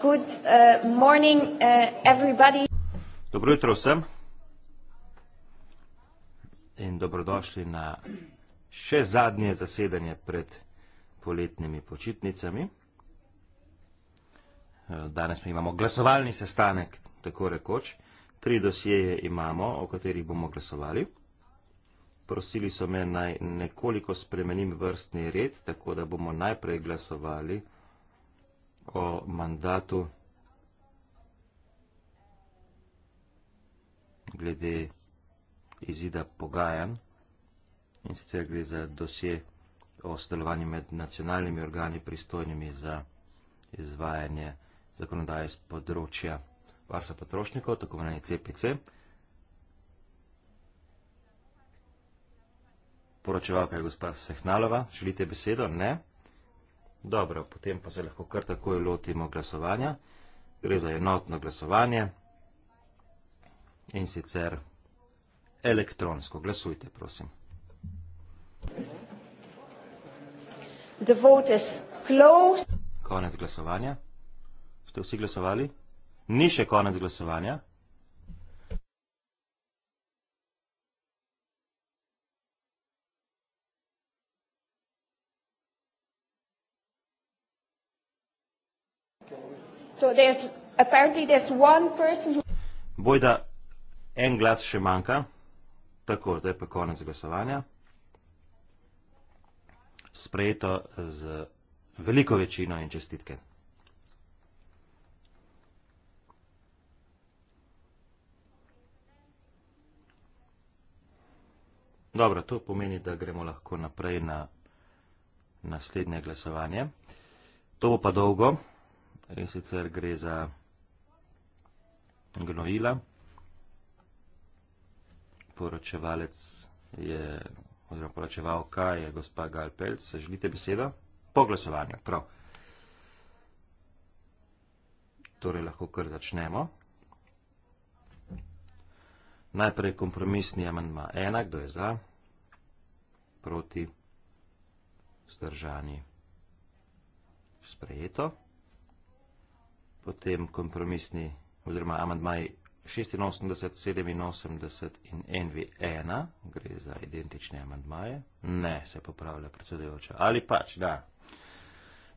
Good uh, morning, uh, everybody. Dobro jutro vsem in dobrodošli na še zadnje zasedanje pred poletnimi počitnicami. Uh, danes mi imamo glasovalni sestanek, tako rekoč. Tri dosjeje imamo, o katerih bomo glasovali. Prosili so me naj nekoliko spremenim vrstni red, tako da bomo najprej glasovali o mandatu glede izida pogajanj in sicer gre za dosje o sodelovanju med nacionalnimi organi pristojnimi za izvajanje zakonodaje z področja varstva potrošnikov, tako imenovani CPC. Poročevalka je gospa Sehnalova. Želite besedo? Ne. Dobro, potem pa se lahko kar takoj lotimo glasovanja. Gre za enotno glasovanje in sicer elektronsko. Glasujte, prosim. The vote is closed. Konec glasovanja. Ste vsi glasovali? Ni še konec glasovanja. So there's apparently there's one person who Bojda, en glas še manjka. Tako, zdaj pa konec glasovanja. Sprejeto z veliko večino in čestitke. Dobro, to pomeni, da gremo lahko naprej na naslednje glasovanje. To bo pa dolgo in sicer gre za gnojila. Poročevalec je, oziroma poročevalka je gospa Galpelc. Se želite besedo? Po glasovanju, prav. Torej lahko kar začnemo. Najprej kompromisni amandma ena, kdo je za, proti, zdržani, sprejeto potem kompromisni oziroma amandmaji 86, 87 in NV1, gre za identične amandmaje. Ne, se popravlja predsedujoča. Ali pač, da.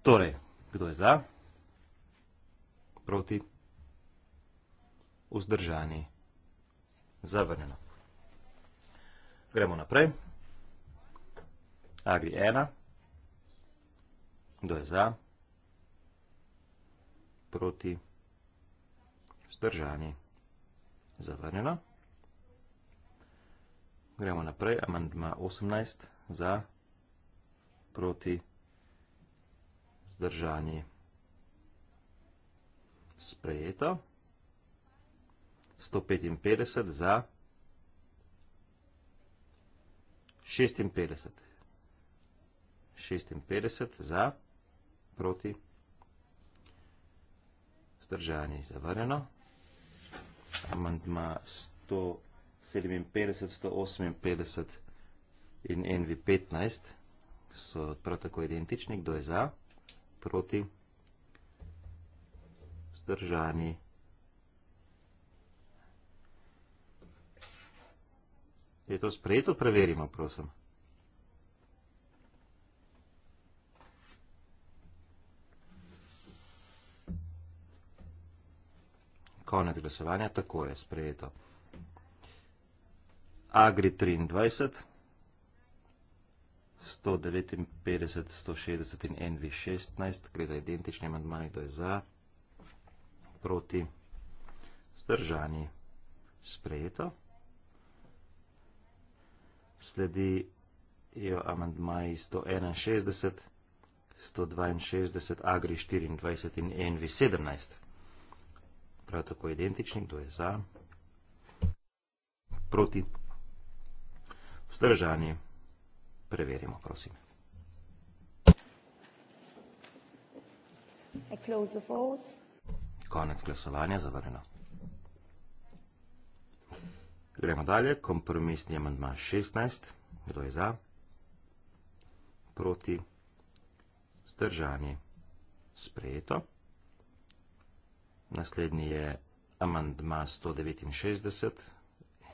Torej, kdo je za? Proti? Vzdržani? Zavrnjeno. Gremo naprej. Agri 1. Kdo je za? proti, vzdržani, zavrnjeno. Gremo naprej, amandma 18, za, proti, vzdržani, sprejeto. 155 za, 56, 56 za, proti, vzdržani vzdržani. Zavrjeno. Amandma 157, 158 in NV15 so prav tako identični. Kdo je za? Proti. Vzdržani. Je to sprejeto? Preverimo, prosim. konec glasovanja, tako je sprejeto. Agri 23, 159, 160 in NV 16, gre za identični mandmani, to je za, proti, zdržani, sprejeto. Sledi jo amandmaji 161, 162, Agri 24 in NV 17 prav tako identični, kdo je za, proti, vzdržanje, preverimo, prosim. I close the vote. Konec glasovanja, zavrjeno. Gremo dalje, kompromisni amandman 16, kdo je za, proti, vzdržanje, sprejeto. Sprejeto. Naslednji je amandma 169,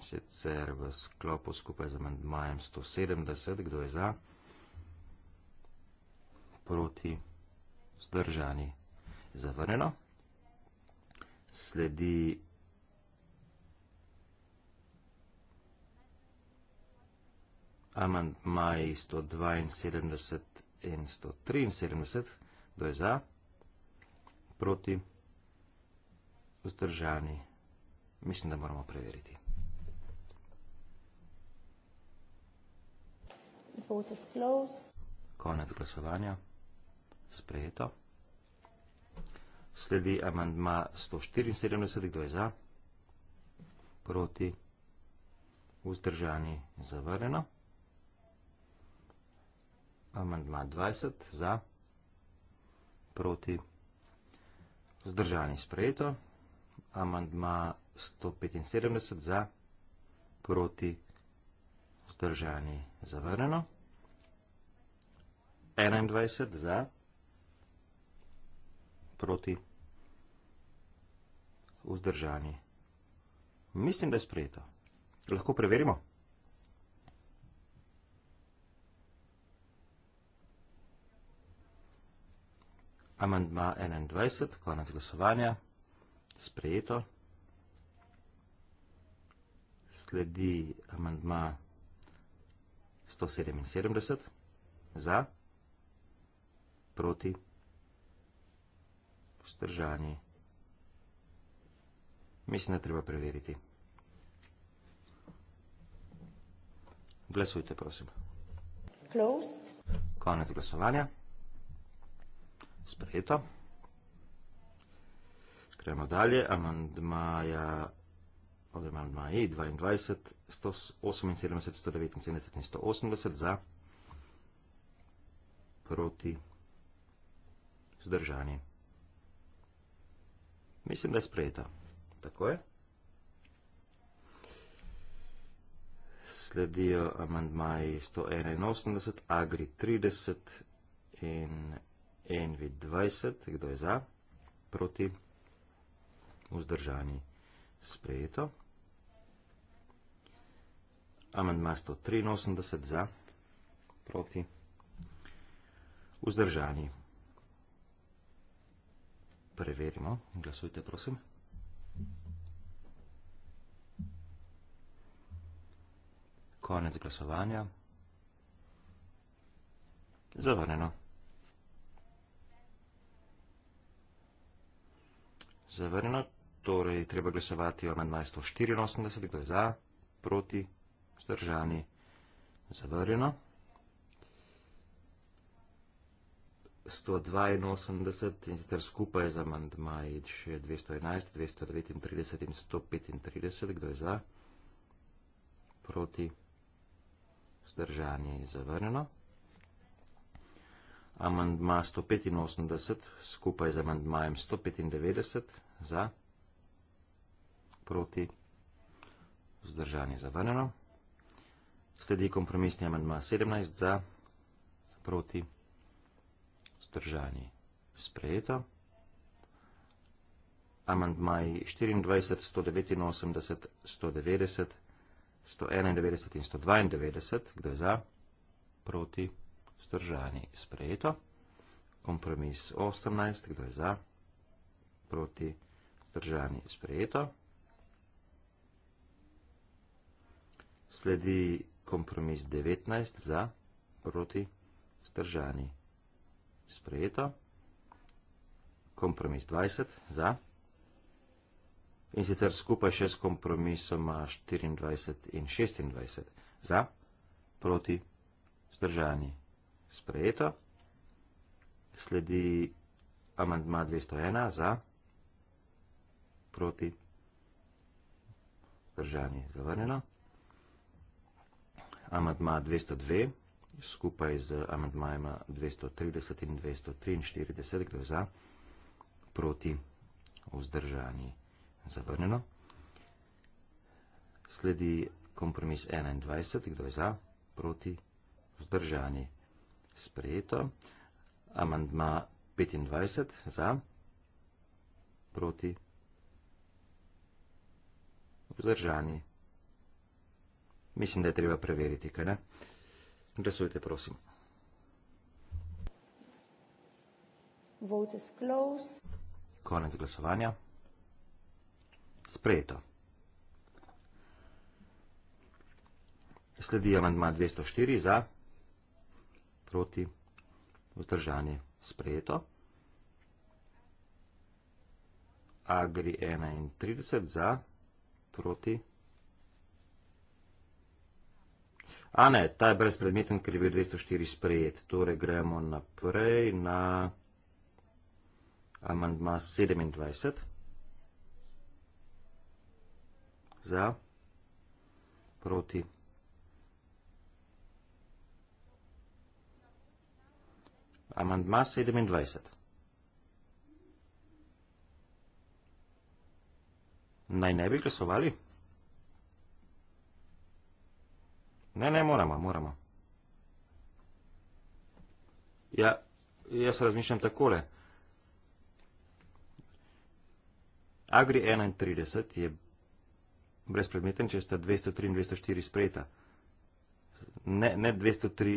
sicer v sklopu skupaj z amandmajem 170, kdo je za, proti, zdržani, zavrneno. Sledi amandmaj 172 in 173, kdo je za, proti, zdržani. Vzdržani. Mislim, da moramo preveriti. Konec glasovanja. Sprejeto. Sledi amandma 174. Kdo je za? Proti. Vzdržani. Zavrljeno. Amandma 20. Za. Proti. Vzdržani. Sprejeto. Sprejeto amandma 175 za, proti, vzdržani, zavrneno. 21 za, proti, vzdržani. Mislim, da je sprejeto. Lahko preverimo? Amandma 21, konec glasovanja sprejeto. Sledi amandma 177 za, proti, vzdržani. Mislim, da treba preveriti. Glasujte, prosim. Closed. Konec glasovanja. Sprejeto. Gremo dalje, amandmaja, od torej amandmaji 22, 178, 179 in 180 za, proti, zdržani. Mislim, da je sprejeta. Tako je. Sledijo amandmaji 181, agri 30 in envi 20, kdo je za, proti, zdržani vzdržani sprejeto. Amendma 183 za, proti, vzdržani. Preverimo, glasujte prosim. Konec glasovanja. Zavrneno. Zavrneno. Torej, treba glasovati o amandmaju 184, kdo je za, proti, vzdržani, zavrjeno. 182 in sicer skupaj z amandmaji še 211, 239 in 135, kdo je za, proti, vzdržani, zavrjeno. Amandma 185 skupaj z amandmajem 195 za proti, vzdržanje zavrnjeno. Sledi kompromisni amandma 17 za, proti, vzdržanje sprejeto. Amandmaji 24, 189, 190, 191 in 192, kdo je za, proti, vzdržanje sprejeto. Kompromis 18, kdo je za, proti, vzdržanje sprejeto. sledi kompromis 19 za, proti, vzdržani. Sprejeto. Kompromis 20 za. In sicer skupaj še s kompromisoma 24 in 26 za, proti, vzdržani. Sprejeto. Sledi amandma 201 za, proti, vzdržani. Zavrnjeno amadma 202, skupaj z amadmajema 230 in 243, kdo je za, proti vzdržanji zavrneno. Sledi kompromis 21, kdo je za, proti vzdržanji sprejeto. Amandma 25 za, proti vzdržanji zavrneno. Mislim, da je treba preveriti, kaj ne? Glasujte, prosim. Konec glasovanja. Sprejeto. Sledi amandma 204 za, proti, vzdržani, sprejeto. Agri 31 za, proti, vzdržani. A ne, ta je brezpredmeten, ker je bil 204 sprejet. Torej gremo naprej na amandma 27. Za. Proti. Amandma 27. Naj ne bi glasovali? Ne, ne, moramo, moramo. Ja, jaz razmišljam takole. Agri 31 je brezpredmeten, če sta 203 in 204 sprejeta. Ne, ne 203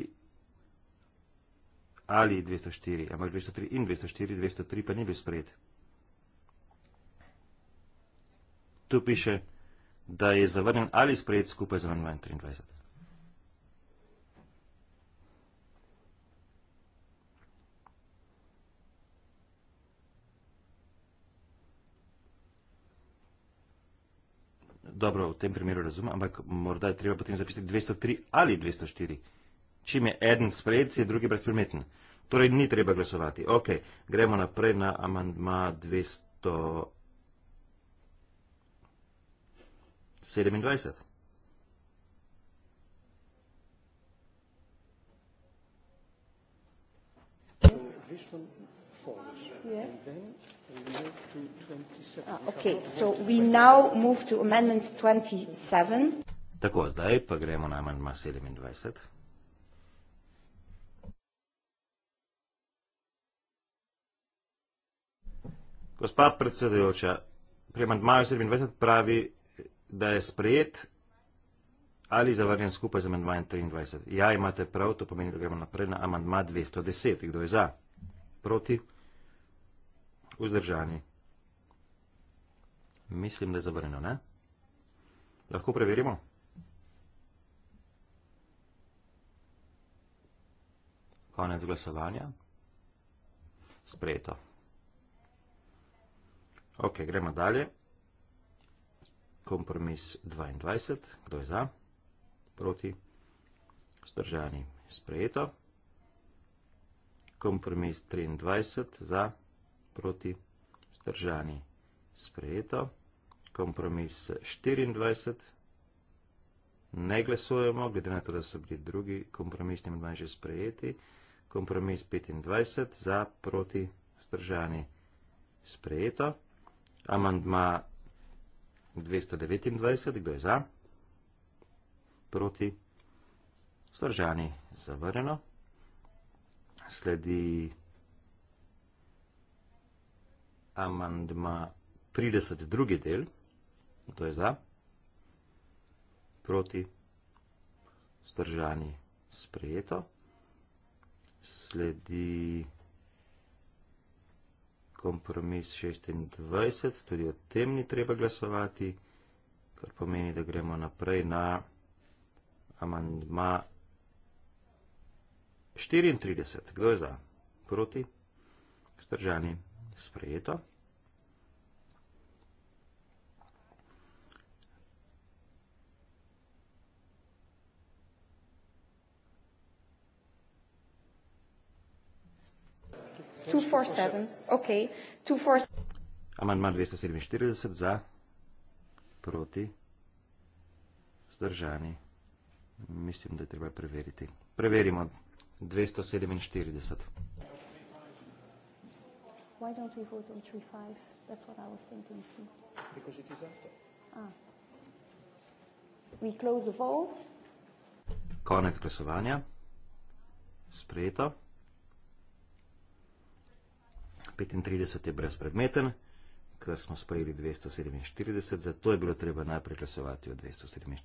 ali 204, ampak 203 in 204, 203 pa ni bil sprejet. Tu piše, da je zavrnjen ali sprejet skupaj z 23. dobro v tem primeru razumem, ampak morda je treba potem zapisati 203 ali 204. Čim je eden sprejet, je drugi brezpredmeten. Torej ni treba glasovati. Ok, gremo naprej na amandma 227. Yes. And then Uh, okay, so we now move to amendment 27. Tako, zdaj pa gremo na amendma 27. Gospa predsedujoča, pri amendmaju 27 pravi, da je sprejet ali zavrnjen skupaj z amendmajem 23. Ja, imate prav, to pomeni, da gremo naprej na amendma 210. Kdo je za? Proti? vzdržani. Mislim, da je zavrnjeno, ne? Lahko preverimo? Konec glasovanja. Sprejeto. Ok, gremo dalje. Kompromis 22. Kdo je za? Proti. Zdržani. Sprejeto. Kompromis 23. Za. Sprejeto proti vzdržani. Sprejeto. Kompromis 24. Ne glasujemo, glede na to, da so bili drugi kompromisni mandmaj že sprejeti. Kompromis 25 za proti vzdržani. Sprejeto. Amandma 229. Kdo je za? Proti. Vzdržani. Zavrjeno. Sledi amandma 32. del, to je za, proti, zdržani, sprejeto, sledi kompromis 26, tudi o tem ni treba glasovati, kar pomeni, da gremo naprej na amandma 34. Kdo je za? Proti? Zdržani sprejeto. Amandman 247 za, proti, zdržani. Mislim, da je treba preveriti. Preverimo 247 why don't we vote on 3.5? That's what I was thinking too. Because it is after. Ah. We close the vote. Konec glasovanja. Sprejeto. 35 je brezpredmeten, ker smo sprejeli 247, zato je bilo treba najprej glasovati o 247.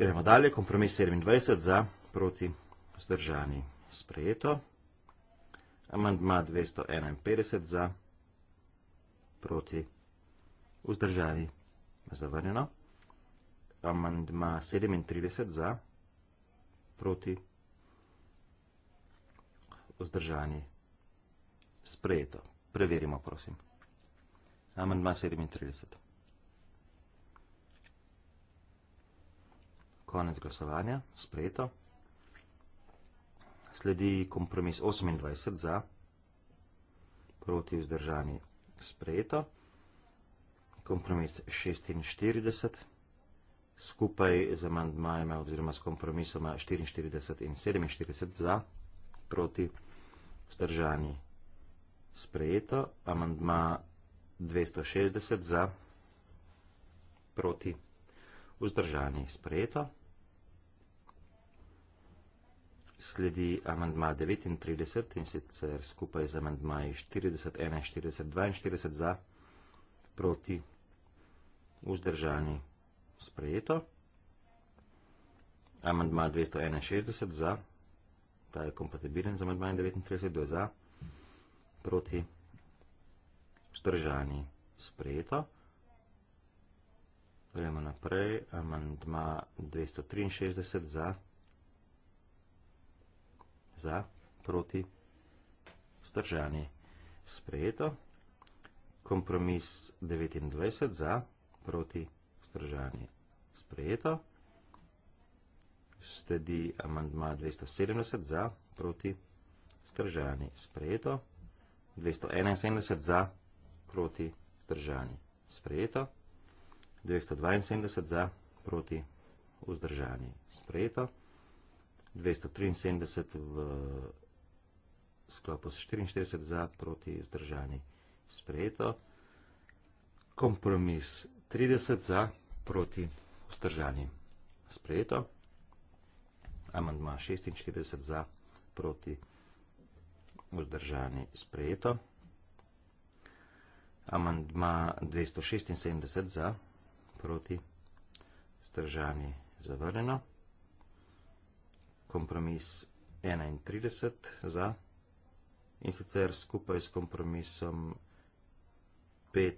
Gremo dalje, kompromis 27 za proti vzdržani sprejeto. Amandma 251 za, proti, vzdržani, zavrnjeno. Amandma 37 za, proti, vzdržani, sprejeto. Preverimo, prosim. Amandma 37. Konec glasovanja, sprejeto sledi kompromis 28 za, proti vzdržani sprejeto, kompromis 46, skupaj z amandmajima oziroma s kompromisoma 44 in 47 za, proti vzdržani sprejeto, amandma 260 za, proti vzdržani sprejeto sledi amandma 39 in sicer skupaj z amandmaji 40, 41, 42 za, proti, vzdržani, sprejeto. Amandma 261 za, ta je kompatibilen z amandmajem 39, do za, proti, vzdržani, sprejeto. Gremo naprej, amandma 263 za, proti, vzdržani, sprejeto za, proti, vzdržani, sprejeto, kompromis 29 za, proti, vzdržani, sprejeto, sledi amandma 270 za, proti, vzdržani, sprejeto, 271 za, proti, vzdržani, sprejeto, 272 za, proti, vzdržani, sprejeto, 272 za, proti, vzdržani, sprejeto, 273 v sklopu 44 za proti vzdržani sprejeto. Kompromis 30 za proti vzdržani sprejeto. Amandma 46 za proti vzdržani sprejeto. Amandma 276 za proti vzdržani sprejeto. Zavrljeno kompromis 31 za in sicer skupaj s kompromisom 5,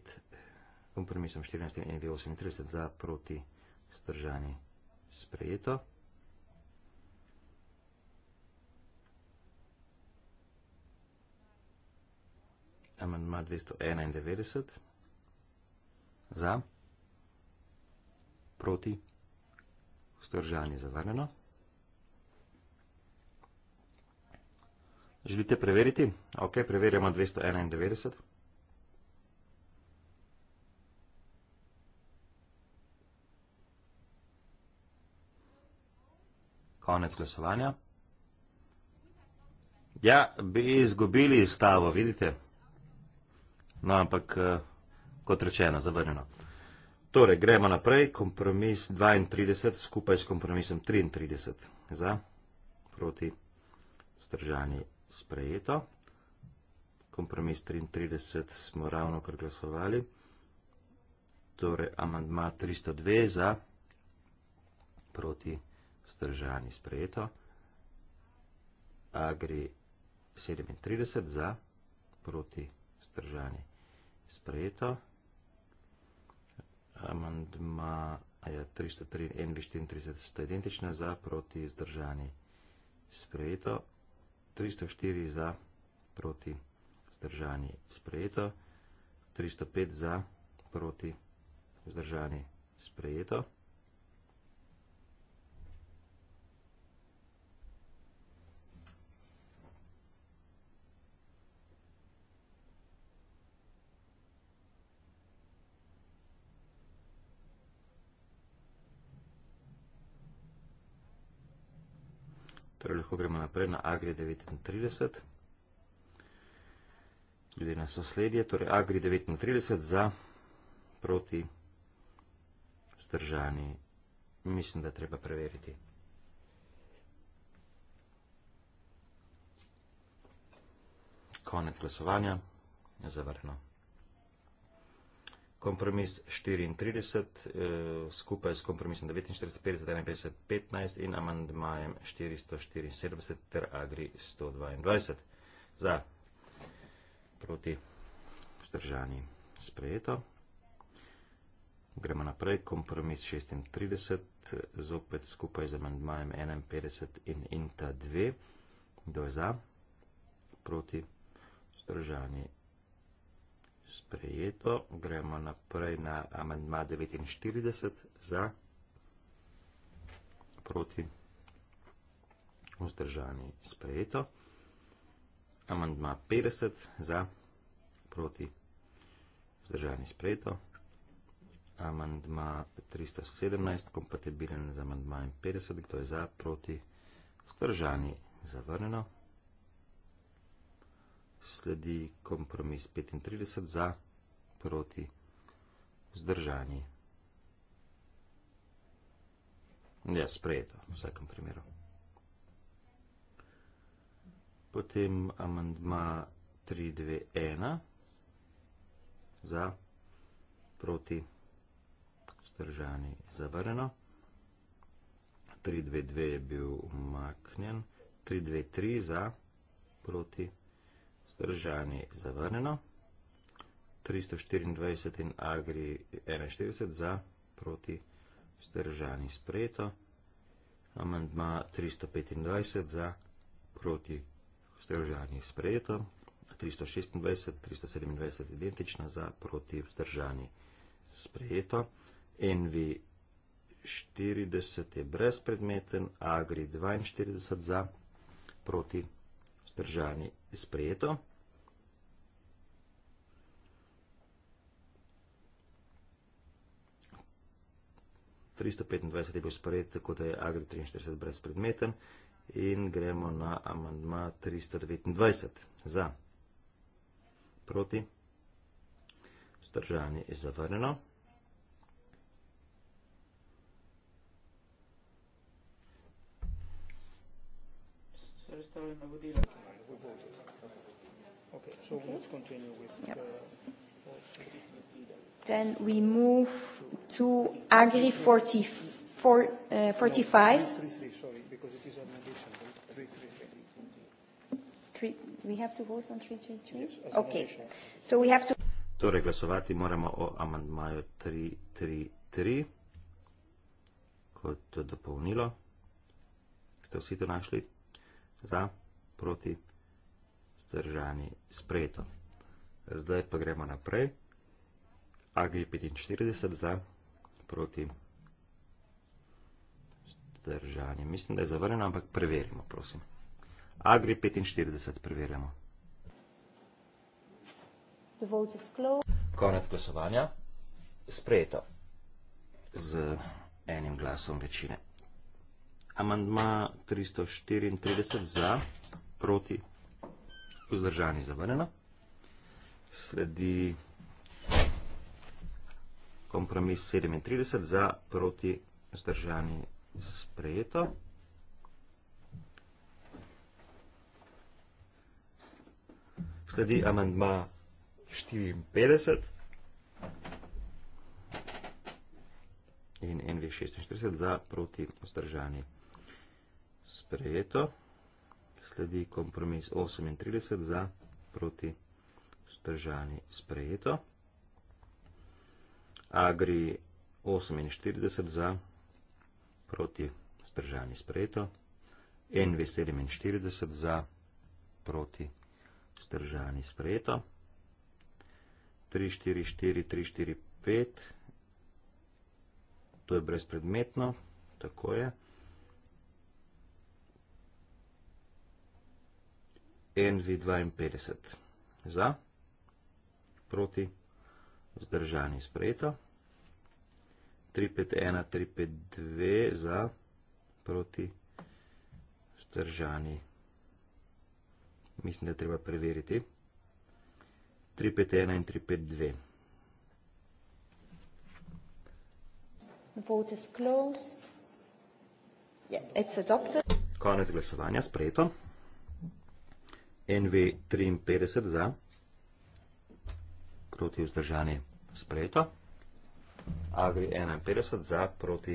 kompromisom 14 in 38 za proti stržani sprejeto. Amandma 291 za, proti, vzdržanje zavrneno. Želite preveriti? Ok, preverjamo 291. Konec glasovanja. Ja, bi izgubili stavo, vidite? No, ampak, eh, kot rečeno, zavrnjeno. Torej, gremo naprej, kompromis 32 skupaj s kompromisom 33 za proti stržanje sprejeto. Kompromis 33 smo ravno kar glasovali. Torej, amandma 302 za proti vzdržani sprejeto. Agri 37 za proti vzdržani sprejeto. Amandma je 303 in 34 sta identična za proti vzdržani sprejeto. 304 za, proti zdržani sprejeto, 305 za, proti zdržani sprejeto. Torej, lahko gremo naprej na Agri 39. Glede na sosledje, torej Agri 39 za proti vzdržani. Mislim, da treba preveriti. Konec glasovanja. Zavrno kompromis 34, eh, skupaj s kompromisom 49, 50, 51, 15 in amandmajem 474 ter agri 122. Za proti vzdržani sprejeto. Gremo naprej, kompromis 36, eh, zopet skupaj z amandmajem 51 in inta 2, kdo je za, proti, zdržani sprejeto. Gremo naprej na amandma 49 za, proti, vzdržani sprejeto. Amandma 50 za, proti, vzdržani sprejeto. Amandma 317, kompatibilen z amandmajem 50, kdo je za, proti, vzdržani zavrneno sledi kompromis 35 za proti vzdržanji. Ja, sprejeto, v vsakem primeru. Potem amandma 3.2.1 za proti vzdržanji zavrjeno. 3.2.2 je bil umaknjen. 3.2.3 za proti vzdržanji. Držani zavrneno. 324 in Agri 41 za proti vzdržani sprejeto. Amendma 325 za proti vzdržani sprejeto. 326, 327 identična za proti vzdržani sprejeto. NV 40 je brezpredmeten, Agri 42 za proti vzdržani sprejeto. 325 je bil sprejet, tako da je Agri 43 brezpredmeten in gremo na amandma 329. Za. Proti. Zdržanje je zavrneno. Se razstavljam na vodila. Ok, so we'll continue with... Ja. Uh, Then we move to Agri 40, 4, uh, 45. No, 3, 3, sorry, because it is an addition. 3, 3, 3. 3, we have to vote on 3, 3, 3? Yes, as okay. An so we have to. Torej, glasovati moramo o amandmaju 333 kot dopolnilo. Ste vsi to našli? Za, proti, zdržani, sprejeto. Zdaj pa gremo naprej. AG 45 za, proti zdržanje. Mislim, da je zavrljeno, ampak preverimo, prosim. AG 45 preverjamo. Konec glasovanja. Sprejeto. Z enim glasom večine. Amandma 334 za, proti vzdržanje zavrljeno. Sredi kompromis 37 za proti zdržani sprejeto. Sledi amandma 54 in NV 46 za proti zdržani sprejeto. Sledi kompromis 38 za proti zdržani sprejeto. Agri 48 za, proti stržani sprejeto. NV 47 za, proti stržani sprejeto. 3, 4, 4, 3, 4, 5. To je brezpredmetno, tako je. NV 52 za, proti stržani sprejeto. Zdržani sprejeto. 351, 352 za proti zdržani. Mislim, da treba preveriti. 351 in 352. The vote is closed. Yeah, it's adopted. Konec glasovanja sprejeto. NV 53 za proti zdržani proti vzdržani. Sprejeto. Agri 51 za proti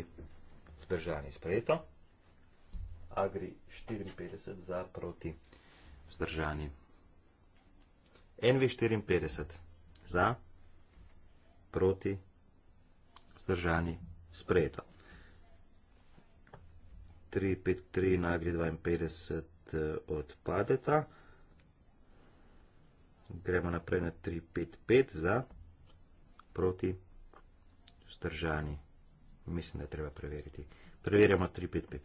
vzdržani. Sprejeto. Agri 54 za proti vzdržani. NV 54 za proti vzdržani. Sprejeto. 3, 5, 3, nagri 52 odpadeta gremo naprej na 3-5-5 za proti vzdržani. Mislim, da je treba preveriti. Preverjamo 3-5-5.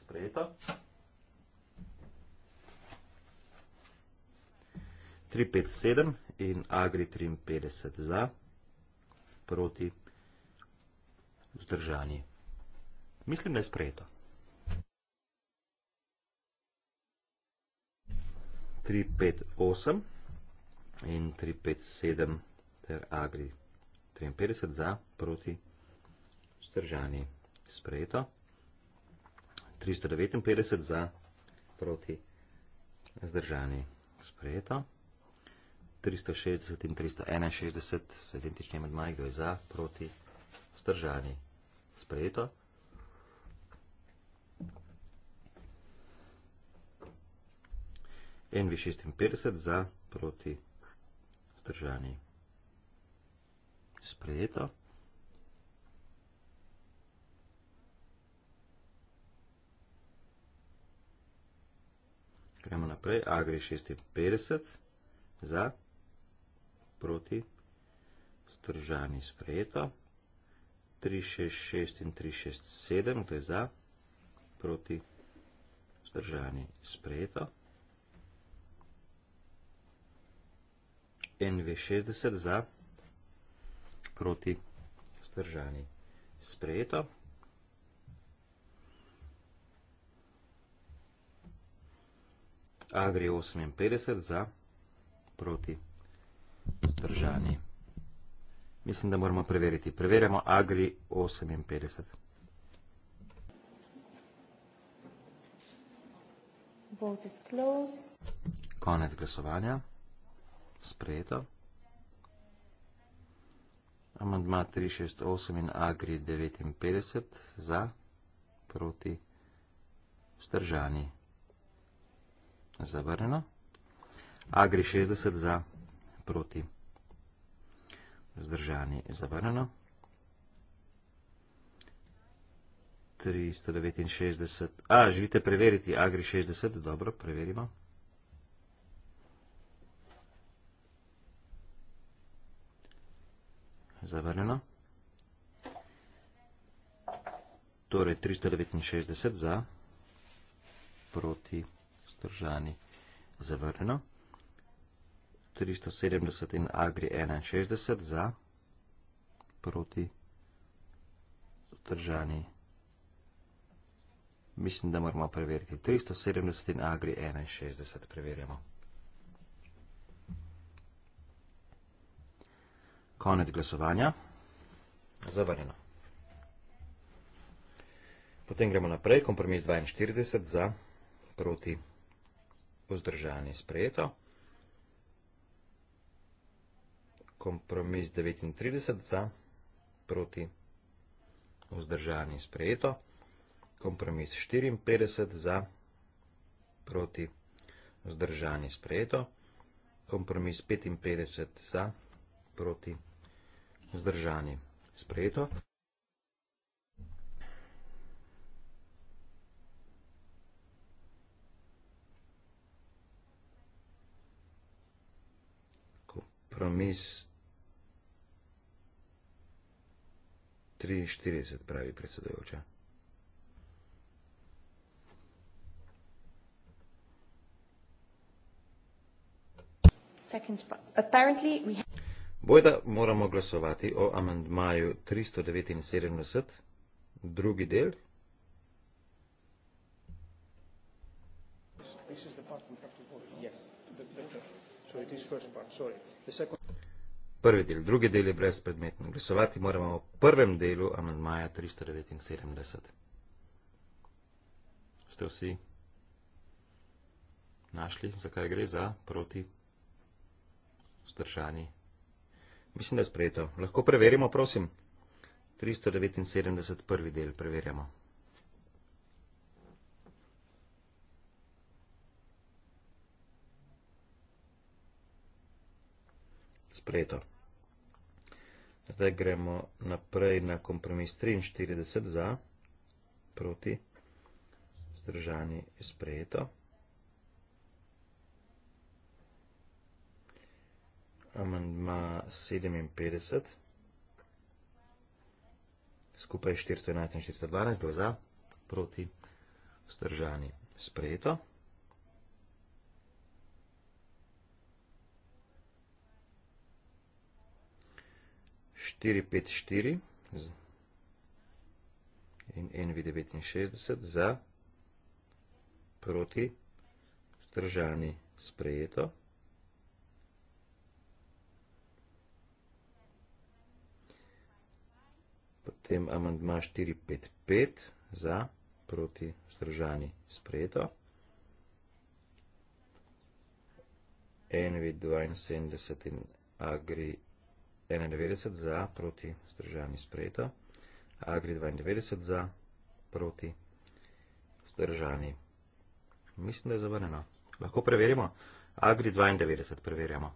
Sprejeto. 3-5-7 in agri 53 za proti vzdržani. 3-5-7. Mislim, da je sprejeto. 3, 5, 8 in 3, 5, 7 ter agri 53 za proti stržani sprejeto. 359 za proti zdržani sprejeto. 360 in 361 identični med majhdo je za proti stržani sprejeto. NV 56 za proti vzdržani. Sprejeto. Gremo naprej. Agri 56 za proti vzdržani. Sprejeto. 366 in 367, to je za, proti, vzdržani, sprejeto. NV60 za proti stržani. Sprejeto. Agri 58 za proti stržani. Mislim, da moramo preveriti. Preverjamo Agri 58. Vote is closed. Konec glasovanja sprejeto. Amandma 368 in Agri 59 za, proti, vzdržani. Zavrnjeno. Agri 60 za, proti, vzdržani. Zavrnjeno. 369, a želite preveriti Agri 60, dobro, preverimo. zavrnjeno. Torej 369 za, proti stržani zavrnjeno. 370 in agri 61 za, proti stržani Mislim, da moramo preveriti. 370 in agri 61 preverjamo. Konec glasovanja. Zavrnjeno. Potem gremo naprej. Kompromis 42 za proti vzdržanje sprejeto. Kompromis 39 za proti vzdržanje sprejeto. Kompromis 54 za proti vzdržanje sprejeto. Kompromis 55 za proti vzdržanje sprejeto vzdržani. Sprejeto. Kompromis 43 pravi predsedajoča. Second, apparently we have... Bojda moramo glasovati o amendmaju 379, drugi del. Prvi del, drugi del je brezpredmetno. Glasovati moramo o prvem delu amendmaja 379. Ste vsi našli, zakaj gre za proti vzdržani amendmaj? Mislim, da je sprejeto. Lahko preverimo, prosim. 379. prvi del preverjamo. Sprejeto. Zdaj gremo naprej na kompromis 43 za, proti, zdržani sprejeto. amandma 57, skupaj 411 in 412, kdo za, proti, vzdržani, sprejeto. Štiri, pet, štiri in NV 69 za, proti, vzdržani, sprejeto. Sprejeto. potem amandma 455 za proti vzdržani sprejeto. NV 72 in Agri 91 za proti vzdržani sprejeto. Agri 92 za proti vzdržani. Mislim, da je zavrneno. Lahko preverimo. Agri 92 preverjamo.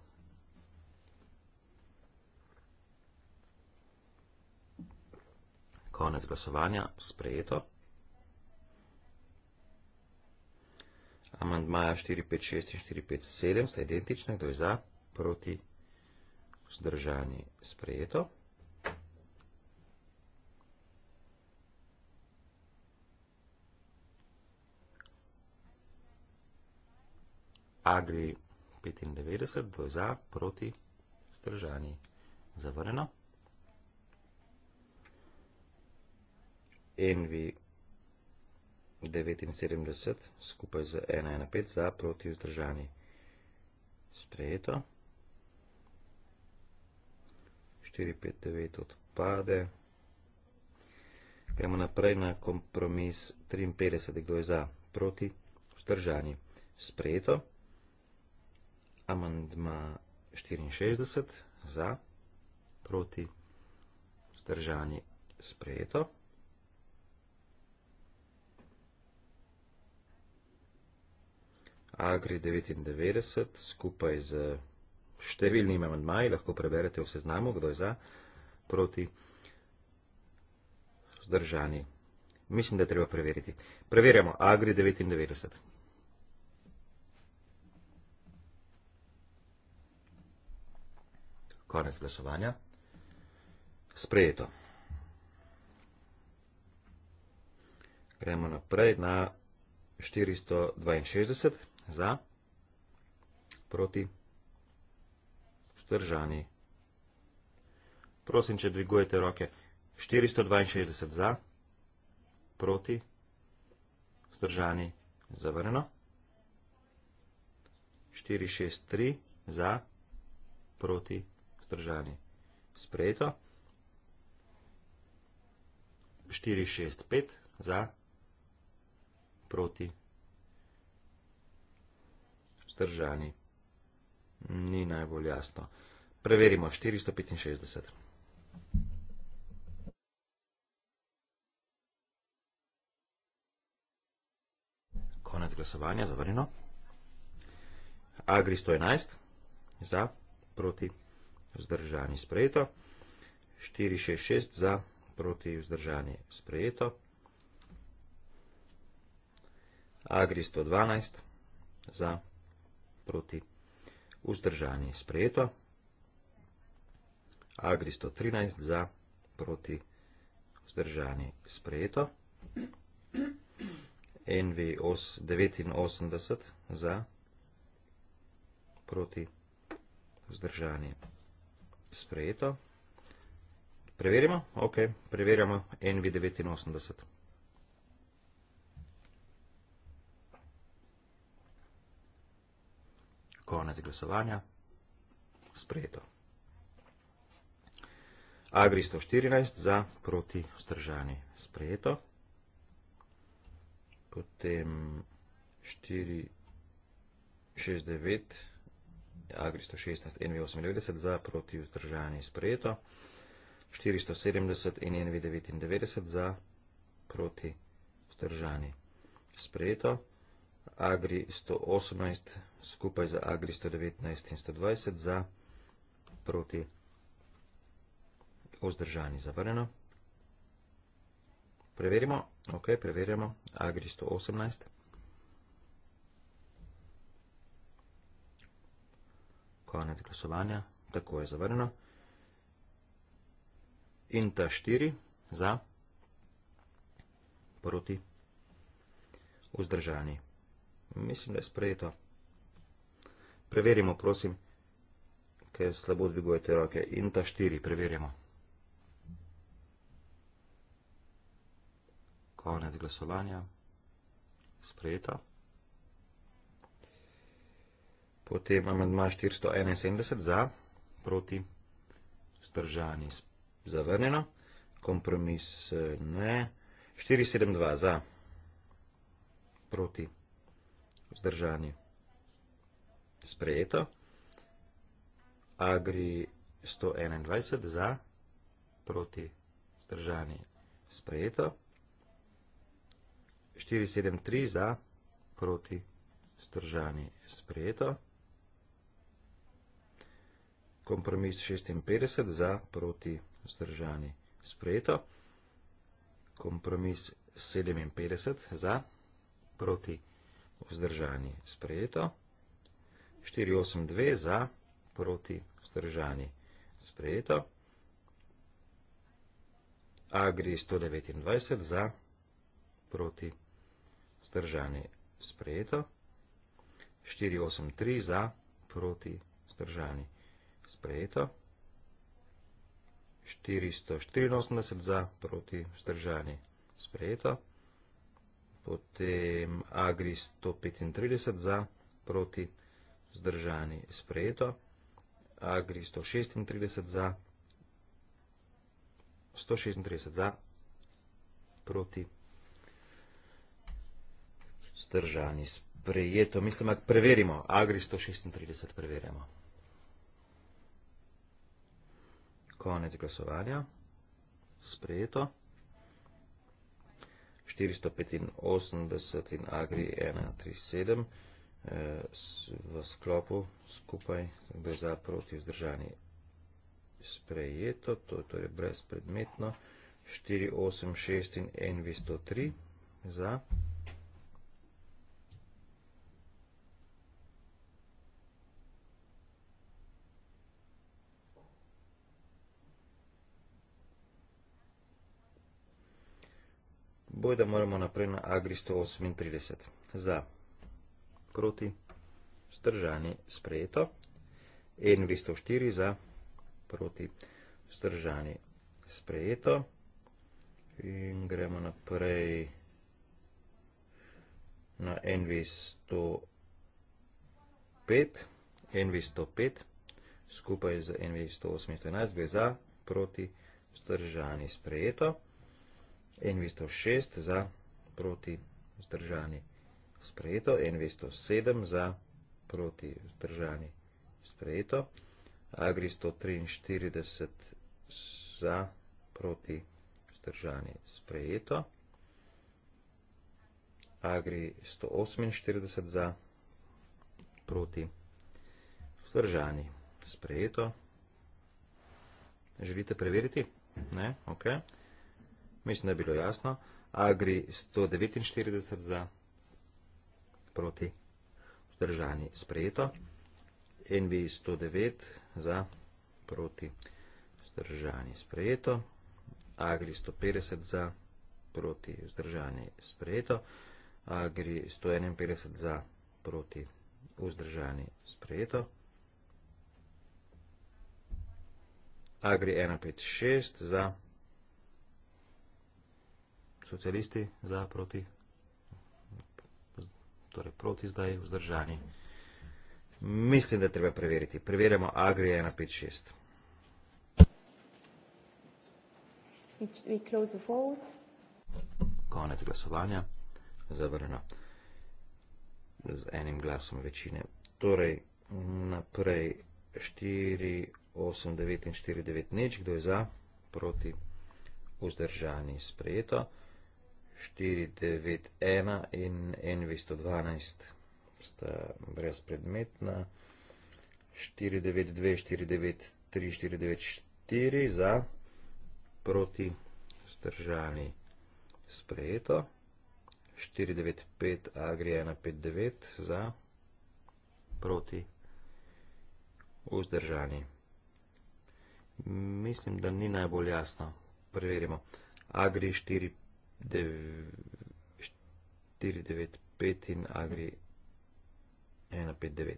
konec glasovanja, sprejeto. Amandmaja 456 in 457 sta identična, kdo je za, proti, vzdržani, sprejeto. Agri 95, kdo je za, proti, vzdržani, zavrneno. NV 79 skupaj z 115 za proti vzdržani sprejeto. 459 odpade. Gremo naprej na kompromis 53, kdo je za proti vzdržani sprejeto. Amandma 64 za proti vzdržani sprejeto. Agri 99 skupaj z številnimi amandmaji, lahko preberete v seznamu, kdo je za, proti, vzdržani. Mislim, da je treba preveriti. Preverjamo Agri 99. Konec glasovanja. Sprejeto. Gremo naprej na 462 za, proti, vzdržani. Prosim, če dvigujete roke. 462 za, proti, vzdržani, zavrneno. 463 za, proti, vzdržani, sprejeto. 465 za, proti, vzdržani vzdržani. Ni najbolj jasno. Preverimo 465. Konec glasovanja, zavrnjeno. Agri 111, za, proti, vzdržani, sprejeto. 466, za, proti, vzdržani, sprejeto. Agri 112, za, proti, vzdržani, sprejeto proti vzdržanje sprejeto. Agri 113 za proti vzdržanje sprejeto. NV 89 za proti vzdržanje sprejeto. Preverimo? Ok, preverjamo NV 89. konec glasovanja. Sprejeto. Agri 114 za proti vzdržani. Sprejeto. Potem 469, Agri 116, NV 98 za proti vzdržani. Sprejeto. 470 in NV 99 za proti vzdržani. Sprejeto. Agri 118 skupaj za Agri 119 in 120 za proti ozdržani zavrneno. Preverimo, ok, preverjamo, Agri 118. Konec glasovanja, tako je zavrneno. In ta 4 za proti ozdržani zavrneno. Mislim, da je sprejeto. Preverimo, prosim, ker slabo dvigujete roke. In ta štiri, preverimo. Konec glasovanja. Sprejeto. Potem amendma 471 za, proti, vzdržani, zavrnjeno, kompromis eh, ne, 472 za, proti, vzdržani vzdržani. Sprejeto. Agri 121 za, proti vzdržani. Sprejeto. 473 za, proti vzdržani. Sprejeto. Kompromis 56 za, proti vzdržani. Sprejeto. Kompromis 57 za, proti vzdržani vzdržani, sprejeto. 482 za, proti vzdržani, sprejeto. Agri 129 za, proti vzdržani, sprejeto. 483 za, proti vzdržani, sprejeto. 484 za, proti vzdržani, sprejeto potem Agri 135 za, proti zdržani sprejeto, Agri 136 za, 136 za, proti zdržani sprejeto. Mislim, ak preverimo, Agri 136 preverjamo. Konec glasovanja, sprejeto. 485 in Agri 137 eh, v sklopu skupaj za proti vzdržanje sprejeto, to je torej brezpredmetno, 486 in NV 103 za sklopu. Boj, da moramo naprej na Agri 138. Za kruti, vzdržani, sprejeto. NV 104 za proti, vzdržani, sprejeto. In gremo naprej na NV 105. NV 105 skupaj z NV 118 gre za proti, vzdržani, sprejeto. 206 za proti zdržani sprejeto, 207 za proti zdržani sprejeto, agri 143 za proti zdržani sprejeto, agri 148 za proti zdržani sprejeto. Želite preveriti? Ne? Okej. Okay mislim, da je bilo jasno. Agri 149 za, proti, vzdržani sprejeto. NV 109 za, proti, vzdržani sprejeto. Agri 150 za, proti, vzdržani sprejeto. Agri 151 za, proti, vzdržani sprejeto. Agri 156 za, proti, vzdržani sprejeto socialisti za proti, torej proti zdaj vzdržani. Mislim, da treba preveriti. Preverjamo Agri 156. Konec glasovanja. Zavrno. Z enim glasom večine. Torej, naprej 4, 8, 9 in 4, 9 nič. Kdo je za? Proti. Vzdržani sprejeto. 491 in NV 112 sta brezpredmetna. 492, 493, 494 za, proti, stržani, sprejeto. 495, agri 159 za, proti, vzdržani. Mislim, da ni najbolj jasno. Preverimo. Agri 4, 5. 495 in Agri 159.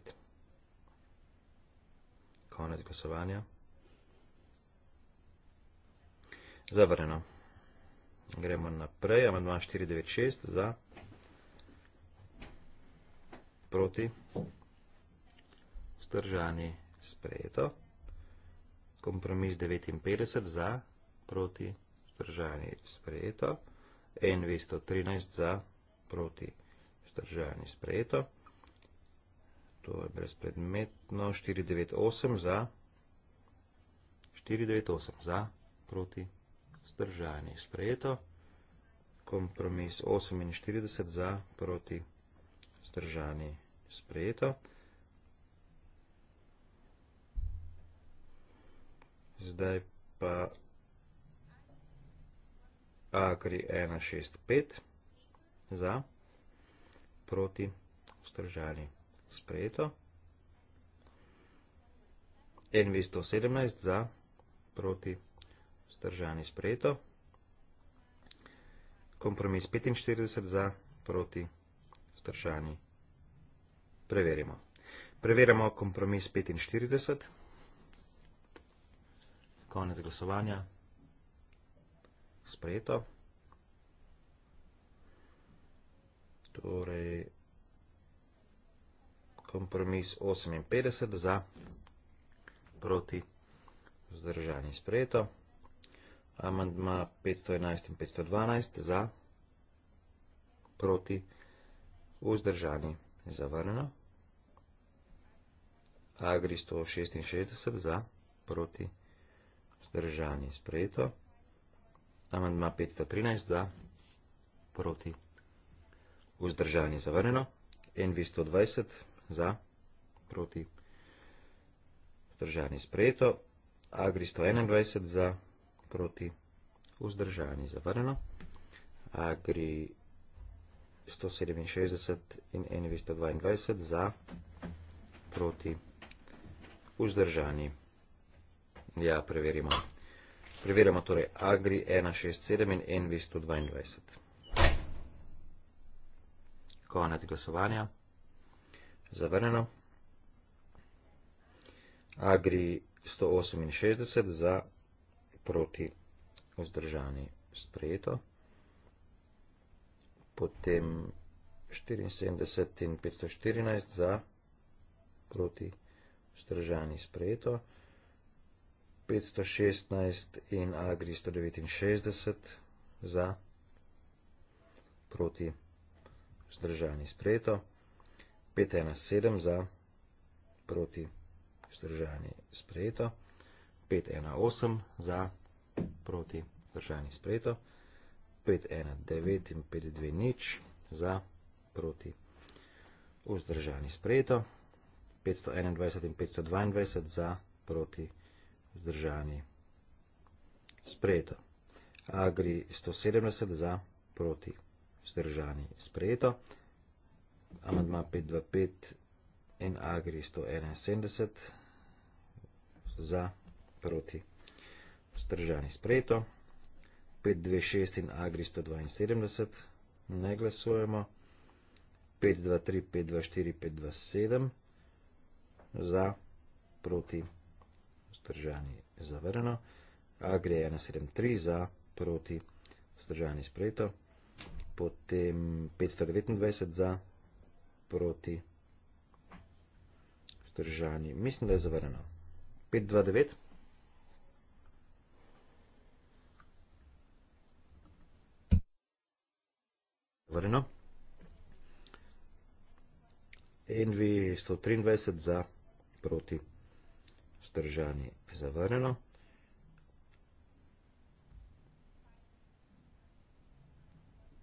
Konec glasovanja. Zavrneno. Gremo naprej. Amandman 496 za. Proti. Vzdržani sprejeto. Kompromis 59 za. Proti. Vzdržani sprejeto. Zdržani sprejeto. N213 za proti vzdržajanje sprejeto. To je brezpredmetno. 498 za 498 za proti vzdržajanje sprejeto. Kompromis 48 za proti vzdržajanje sprejeto. Zdaj pa Akri 165 za, proti, vzdržani, sprejeto. NV 117 za, proti, vzdržani, sprejeto. Kompromis 45 za, proti, vzdržani, preverimo. Preverjamo kompromis 45. Konec glasovanja sprejeto. Torej, kompromis 58 za, proti, vzdržanje sprejeto. Amandma 511 in 512 za, proti, vzdržanje zavrneno. Agri 166 za, proti, vzdržanje sprejeto. Amandma 513 za, proti, vzdržanje zavrneno. NV 120 za, proti, vzdržanje sprejeto. Agri 121 za, proti, vzdržanje zavrneno. Agri 167 in NV 122 za, proti, vzdržanje. Ja, preverimo. Ja, preverimo. Preverjamo torej Agri 167 in NV 122. Konec glasovanja. Zavrneno. Agri 168 za proti vzdržani sprejeto. Potem 74 in 514 za proti vzdržani sprejeto. 516 in Agri 169 za, proti vzdržani sprejeto, 517 za, proti vzdržani sprejeto, 518 za, proti vzdržani sprejeto, 519 in 52 nič za, proti vzdržani sprejeto, 521 in 522 za, proti vzdržani sprejeto vzdržani. Sprejeto. Agri 170 za, proti vzdržani. Sprejeto. Amadma 525 in Agri 171 za, proti vzdržani. Sprejeto. 526 in Agri 172. Ne glasujemo. 523, 524, 527 za, proti vzdržani vzdržani zavrano. A gre 1.7.3 za proti vzdržani sprejeto. Potem 529 za proti vzdržani. Mislim, da je zavrano. 529. Zavrano. Envi 123 za proti vzdržani vzdržani zavrneno.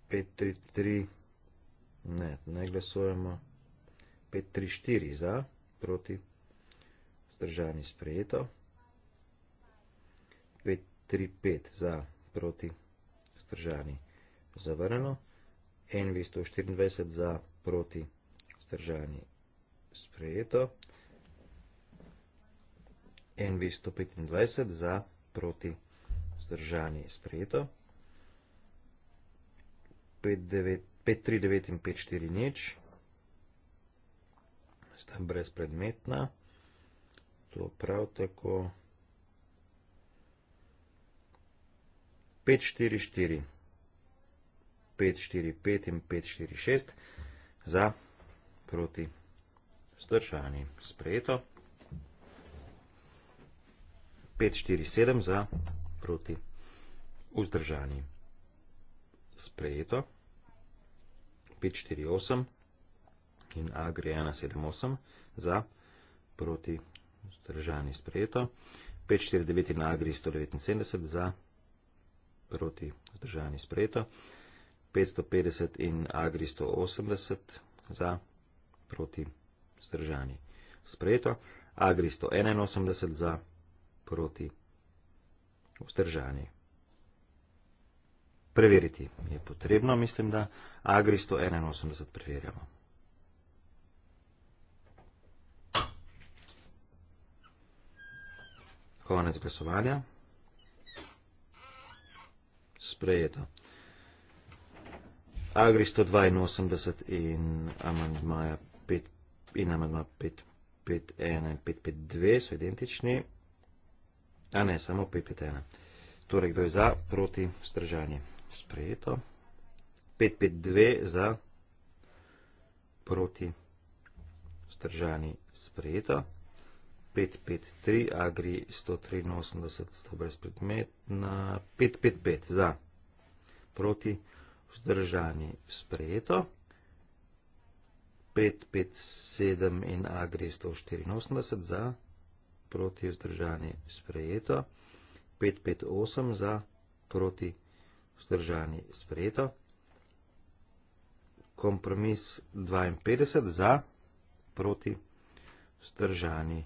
Pet, tri, tri, ne, ne glasujemo. Pet, tri, štiri za, proti, vzdržani sprejeto. Pet, tri, pet za, proti, vzdržani zavrneno. En, vi 124 za, proti, vzdržani sprejeto. NV 125 za proti vzdržanje je sprejeto. 539 in 54 nič. Sta brezpredmetna. To prav tako. 544. 545 in 546 za proti vzdržanje sprejeto. 547 za, proti, vzdržani. Sprejeto. 548 in A gre 178 za, proti, vzdržani. Sprejeto. 549 in A gre 179 za, proti, vzdržani. Sprejeto. 550 in A gre 180 za, proti, vzdržani. Sprejeto. A gre 181 za, proti, vzdržani proti vzdržanji. Preveriti je potrebno, mislim, da Agri 181 preverjamo. Konec glasovanja. Sprejeto. Agri 182 in amandmaja 5, in amandma 5, 5, 1 in 5, 5, 2 so identični. A ne, samo PPT1. Torej, kdo je za, proti, stržanje. Sprejeto. 5-5-2 za, proti, stržanje. Sprejeto. 5-5-3, agri 183, sto brezpredmetna. 5-5-5 za, proti, stržanje. Sprejeto. 5-5-7 in agri 184 za, proti, stržanje proti vzdržani sprejeto, 558 za proti vzdržani sprejeto, kompromis 52 za proti vzdržani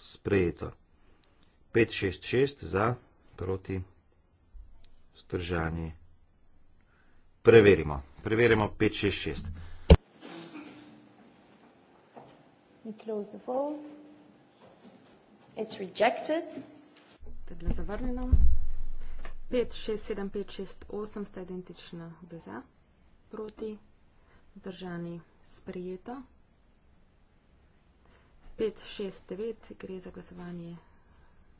sprejeto, 566 za proti vzdržani preverimo, preverimo 566. We close the vote. It's rejected. Ste bile zavrnjeno. 5, 6, 7, 5, 6, 8 ste identična beza. Proti. Držani sprijeta. 5, 6, 9 gre za glasovanje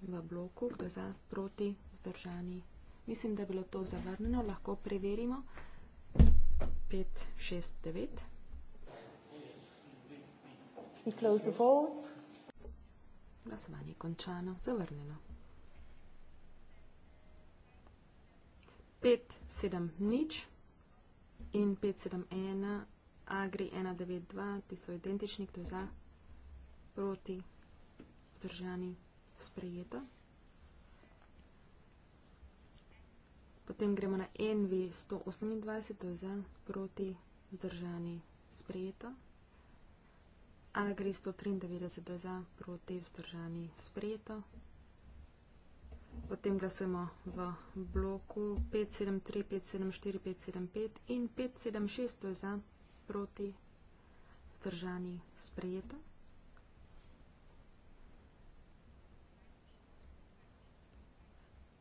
v bloku. Kdo za proti vzdržani? Mislim, da je bilo to zavrnjeno. Lahko preverimo. 5, 6, 9. We close the vote. Glasovanje je končano. Zavrnjeno. 5, 7, nič in 5, 7, 1, agri 1, 9, 2, ti so identični, kdo je za, proti, zdržani, sprejeto. Potem gremo na NV 128, to je za, proti, zdržani, sprejeto. A gre 193 za proti vzdržani sprejeto. Potem glasujemo v bloku 573, 574, 575 in 576 je za proti vzdržani sprejeto.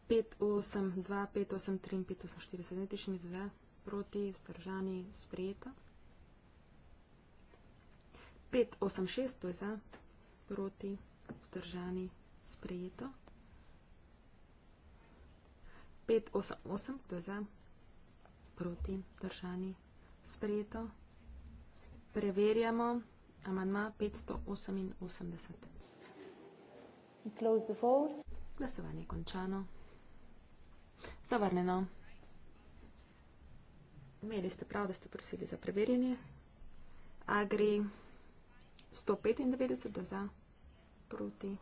Pet osem dva, pet osem tri in pet osem štiri so identični za proti vzdržani sprejeto. 5, 8, 6, to je za, proti, vzdržani, sprejeto. 5, 8, 8, to je za, proti, vzdržani, sprejeto. Preverjamo amandma 588. Close the vote. Glasovanje je končano. Zavrneno. Imeli ste prav, da ste prosili za preverjanje. Agri. 195 za, proti,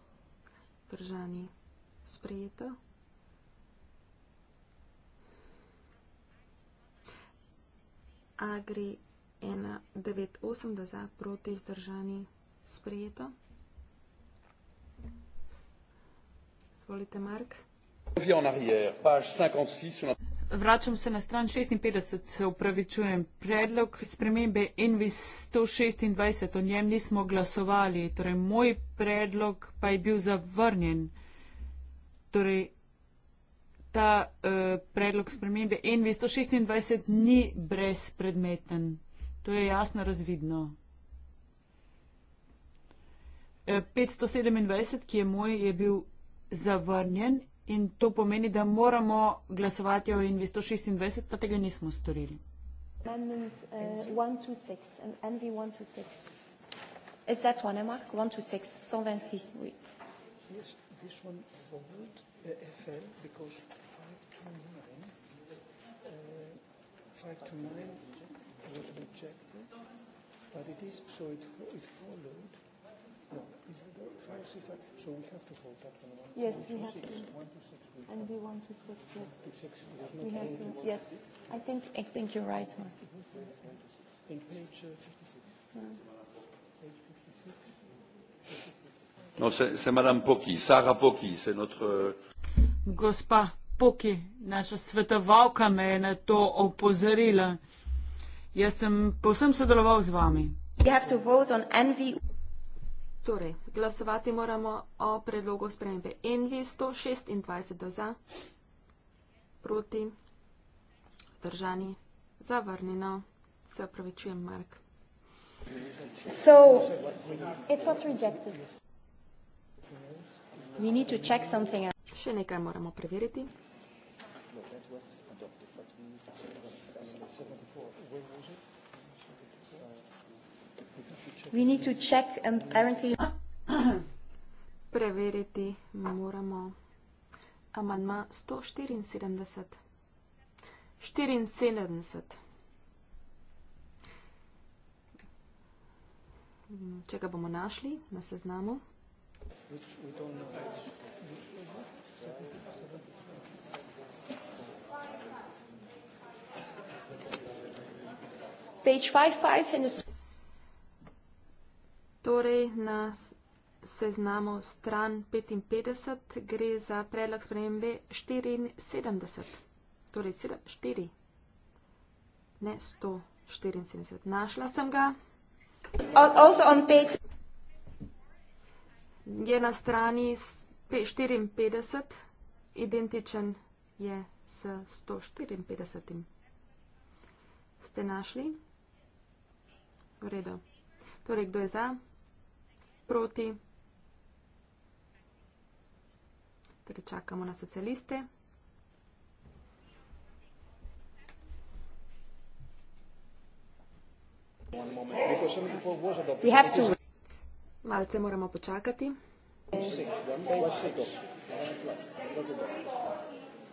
držani, sprejeto. Agri 198 za, proti, zdržani, sprejeto. Zvolite, Mark. Vi en arrière, page 56. Vračam se na stran 56, se upravičujem. Predlog spremembe NVIS 126, o njem nismo glasovali. Torej, moj predlog pa je bil zavrnjen. Torej, ta uh, predlog spremembe NVIS 126 ni brezpredmeten. To je jasno razvidno. 527, eh, ki je moj, je bil zavrnjen in to pomeni, da moramo glasovati o Envi 126, pa tega nismo storili. But it is so it, it followed. So we have to fold that one. one yes, one we have six, to. One to six, we and we want to six. Yes. One to six. We have, we have to. Yes. To I think. I think you're right. Mm-hmm. Mm-hmm. Mm-hmm. In page uh, 56. Yeah. Page 56. Non, c'est, c'est Madame Poki, Sarah Poki, c'est notre. Gospa Poki, naša svetovalka me je na to opozorila. Jaz sem posem sodeloval z vami. We have to vote on envy. Torej, glasovati moramo o predlogu spremembe NV 126 do za, proti, držani, zavrnjeno. Se opravičujem, Mark. So, it was rejected. We need to check something else. Še nekaj moramo preveriti. No, that was adopted, but we need to check 74. Where was it? Check, um, apparently... Preveriti moramo amandma 174. 74. Če ga bomo našli na seznamu. Page 55 in the Torej, na seznamu stran 55 gre za predlog spremembe 74. Torej, 4. Ne 174. Našla sem ga. Also on page. Je na strani 54, identičen je s 154. Ste našli? V redu. Torej, kdo je za? proti. Torej čakamo na socialiste. Malce moramo počakati.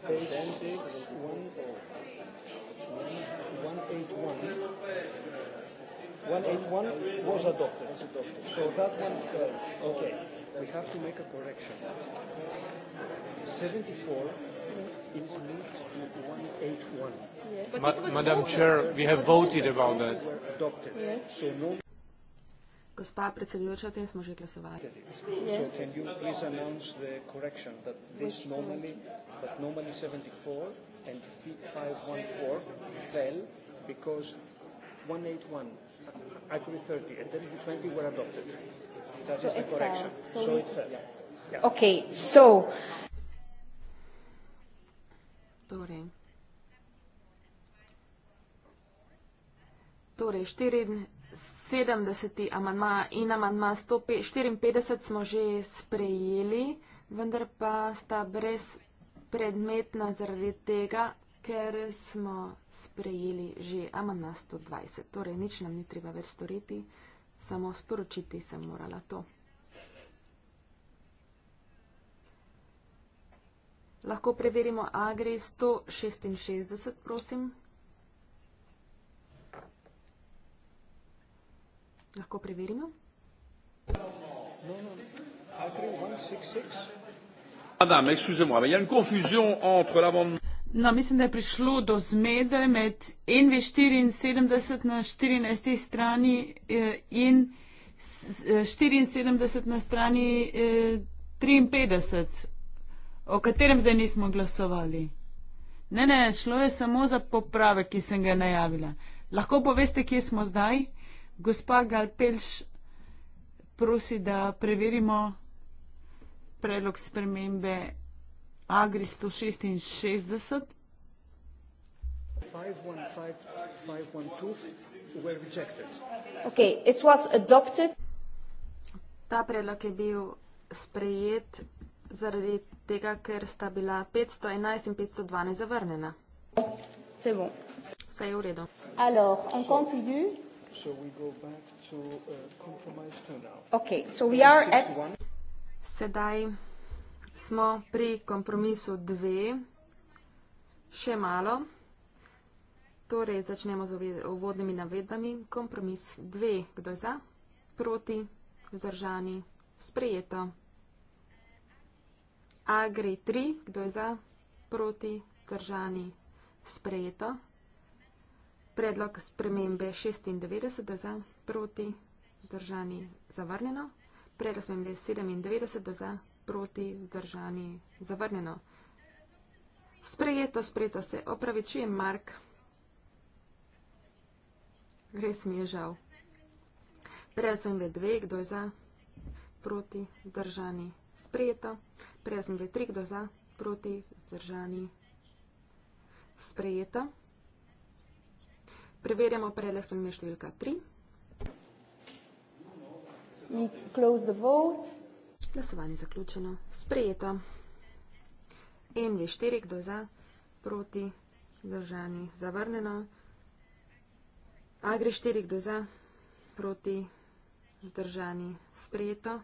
Say 10, 6, 1, 0. 1, 8, 1. 181 was adopted. So that one fell. Okay. We have to make a correction. 74 is linked to 181. Yeah. Ma- Madam Chair, we have voted about that. Adopted. Yeah. So no Gospa predsedujoča, o tem smo že glasovali. Yeah. So IPv30 and IPv20 were adopted. That so is the correction. Fair. So, so it's fair. Yeah. Yeah. Okay, so. Torej. torej, 74. amandma in amandma 154 smo že sprejeli, vendar pa sta brez predmetna zaradi tega, ker smo sprejeli že amandma 120. Torej, nič nam ni treba več storiti, samo sporočiti sem morala to. Lahko preverimo agri 166, prosim. Lahko preverimo. Madame, excusez-moi, mais il y a une confusion entre l'amendement. No, mislim, da je prišlo do zmede med NV74 na 14. strani eh, in 74 eh, na strani 53, eh, o katerem zdaj nismo glasovali. Ne, ne, šlo je samo za poprave, ki sem ga najavila. Lahko poveste, kje smo zdaj? Gospa Galpelš prosi, da preverimo predlog spremembe Agri 166. Ta predlog je bil sprejet zaradi tega, ker sta bila 511 in 512 zavrnjena. Vse je v redu. Uh, Sedaj smo pri kompromisu 2. Še malo. Torej, začnemo z uvodnimi navedbami. Kompromis 2. Kdo je za? Proti? Zdržani? Sprejeto. Agri 3. Kdo je za? Proti? Zdržani? Sprejeto. Predlog spremembe 96. Kdo je za? Proti? Zdržani? Zavrnjeno. Predlog spremembe 97. Kdo je za? proti, vzdržani, zavrnjeno. Sprejeto, sprejeto se. Opravičujem, Mark. Res mi je žal. Prezvem ve dve, kdo je za, proti, vzdržani, sprejeto. Prezvem ve tri, kdo je za, proti, vzdržani, sprejeto. Preverjamo prelesno mešljivka tri. We close the vote. Glasovanje zaključeno. Sprejeto. NV4, kdo je za? Proti. Držani. Zavrnjeno. Agri 4, kdo je za? Proti. Zdržani. Sprejeto.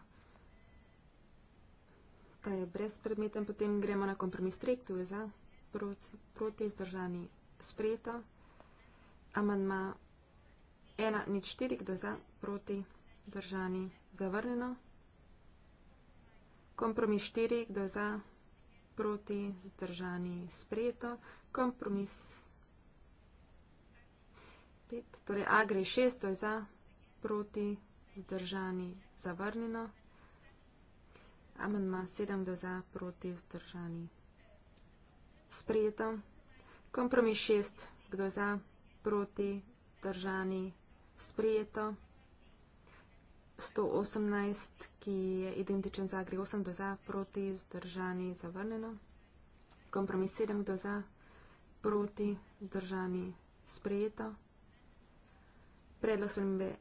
Ta je brezpredmeten. Potem gremo na kompromis 3, kdo je za? Proti. proti zdržani. Sprejeto. Amandma 1, nič 4, kdo je za? Proti. Zdržani. Zavrnjeno. Kompromis štiri, kdo za, proti, zdržani, sprejeto. Kompromis pet, torej agri šest, kdo za, proti, zdržani, zavrnjeno. Amendma sedem, kdo za, proti, zdržani, sprejeto. Kompromis šest, kdo za, proti, zdržani, sprejeto. Sprejeto. 118, ki je identičen za gre 8 do za, proti zdržani zavrnjeno. Kompromis 7 do za, proti zdržani sprejeto. Predlog spremembe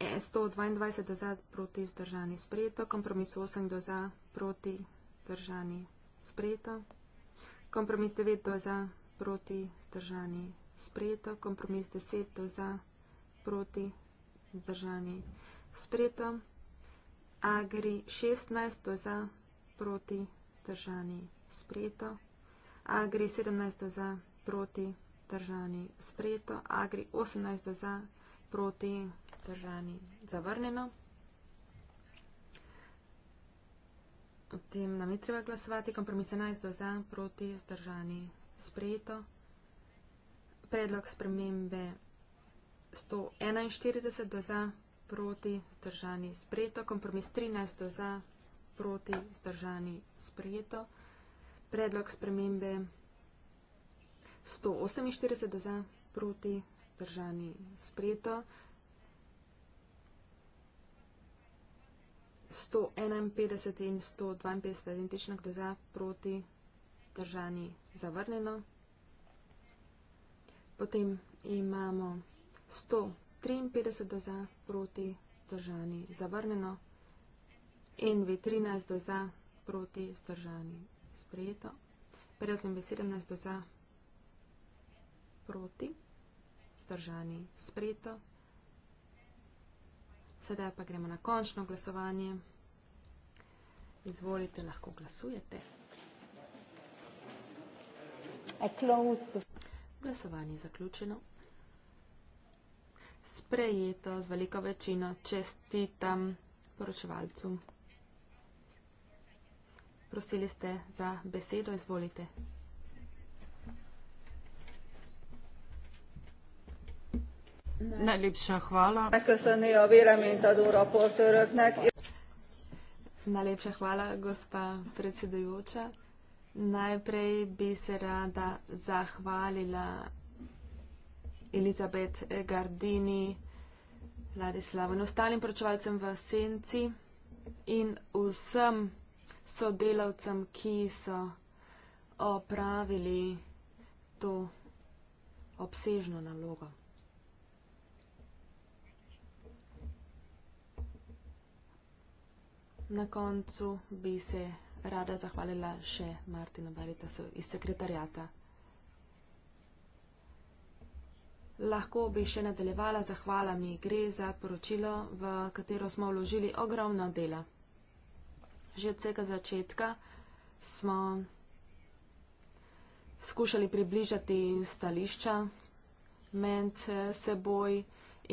122 e, do za, proti zdržani sprejeto. Kompromis 8 do za, proti zdržani sprejeto. Kompromis 9 do za, proti zdržani sprejeto. Kompromis 10 do za, proti zdržani sprejeto spreto. A gre 16 za proti držani spreto. A gre 17 za proti držani spreto. A gre 18 za proti držani zavrnjeno. O tem nam ni treba glasovati. Kompromis 17 za proti držani spreto. Predlog spremembe 141 za proti držani spreto proti, zdržani, sprejeto. Kompromis 13 za, proti, zdržani, sprejeto. Predlog spremembe 148 za, proti, zdržani, sprejeto. 151 in 152 identično, kdo za, proti, držani, zavrnjeno. Potem imamo 100. 53 do za, proti zdržani, zavrnjeno. NV 13 do za, proti zdržani, sprejeto. 517 do za, proti zdržani, sprejeto. Sedaj pa gremo na končno glasovanje. Izvolite, lahko glasujete. Glasovanje je zaključeno sprejeto z veliko večino. Čestitam poročevalcu. Prosili ste za besedo, izvolite. Najlepša hvala. Najlepša hvala, gospa predsedujoča. Najprej bi se rada zahvalila Elizabet Gardini, Ladislav in ostalim poročevalcem v Senci in vsem sodelavcem, ki so opravili to obsežno nalogo. Na koncu bi se rada zahvalila še Martinu Baritasu iz sekretarjata Lahko bi še nadaljevala zahvalami. Gre za poročilo, v katero smo vložili ogromno dela. Že od vsega začetka smo skušali približati stališča med seboj.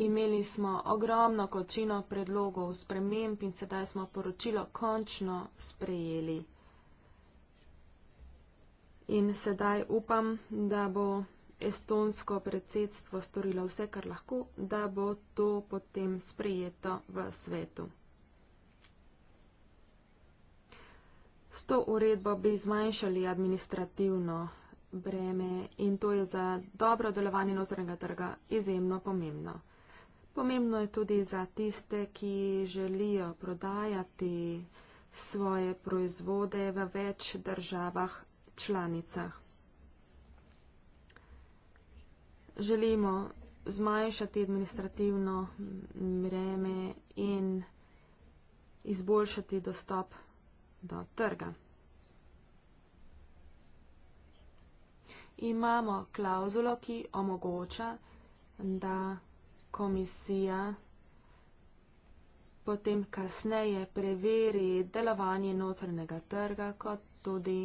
Imeli smo ogromno kočino predlogov, sprememb in sedaj smo poročilo končno sprejeli. In sedaj upam, da bo estonsko predsedstvo storilo vse, kar lahko, da bo to potem sprejeto v svetu. S to uredbo bi zmanjšali administrativno breme in to je za dobro delovanje notranjega trga izjemno pomembno. Pomembno je tudi za tiste, ki želijo prodajati svoje proizvode v več državah članicah. želimo zmanjšati administrativno breme in izboljšati dostop do trga. Imamo klauzulo, ki omogoča, da komisija potem kasneje preveri delovanje notrnega trga, kot tudi